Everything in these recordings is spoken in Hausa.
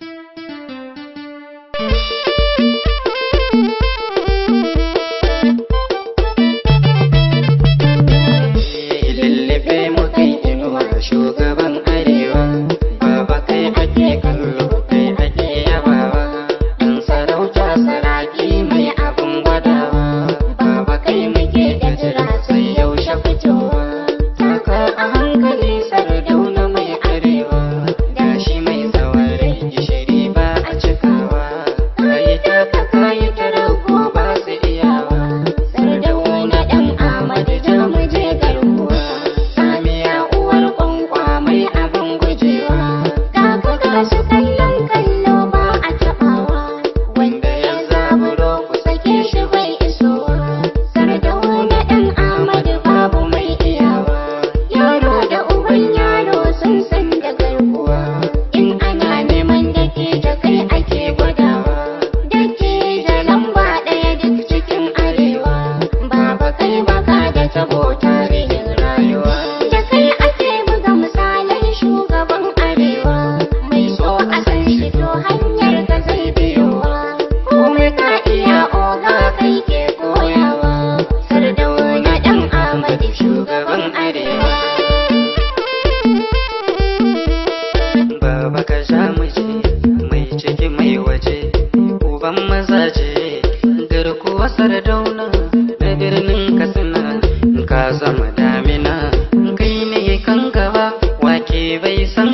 Thank you.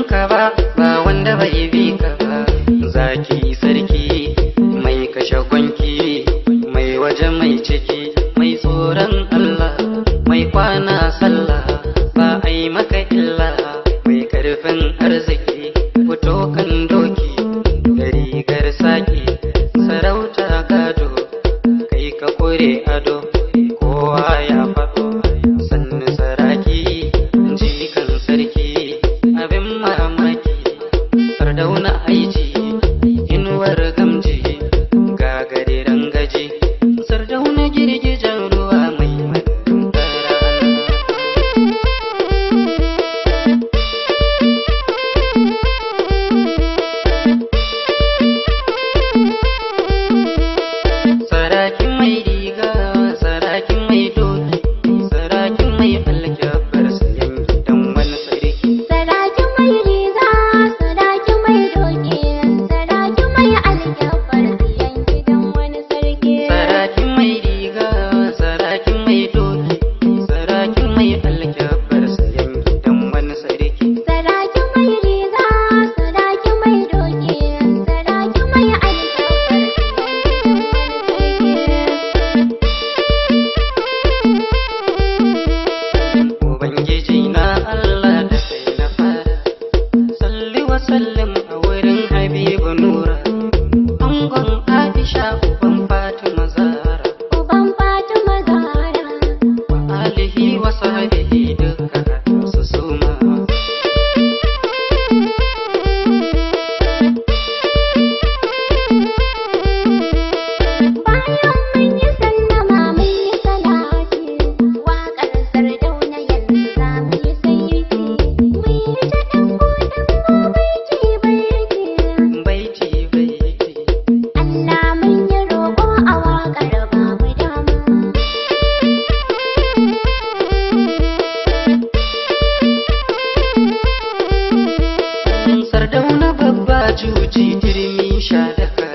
ka ba ba wanda bai bi ka ba zaki sarki mai kashe gwanki mai waje mai ciki juji turmi sha da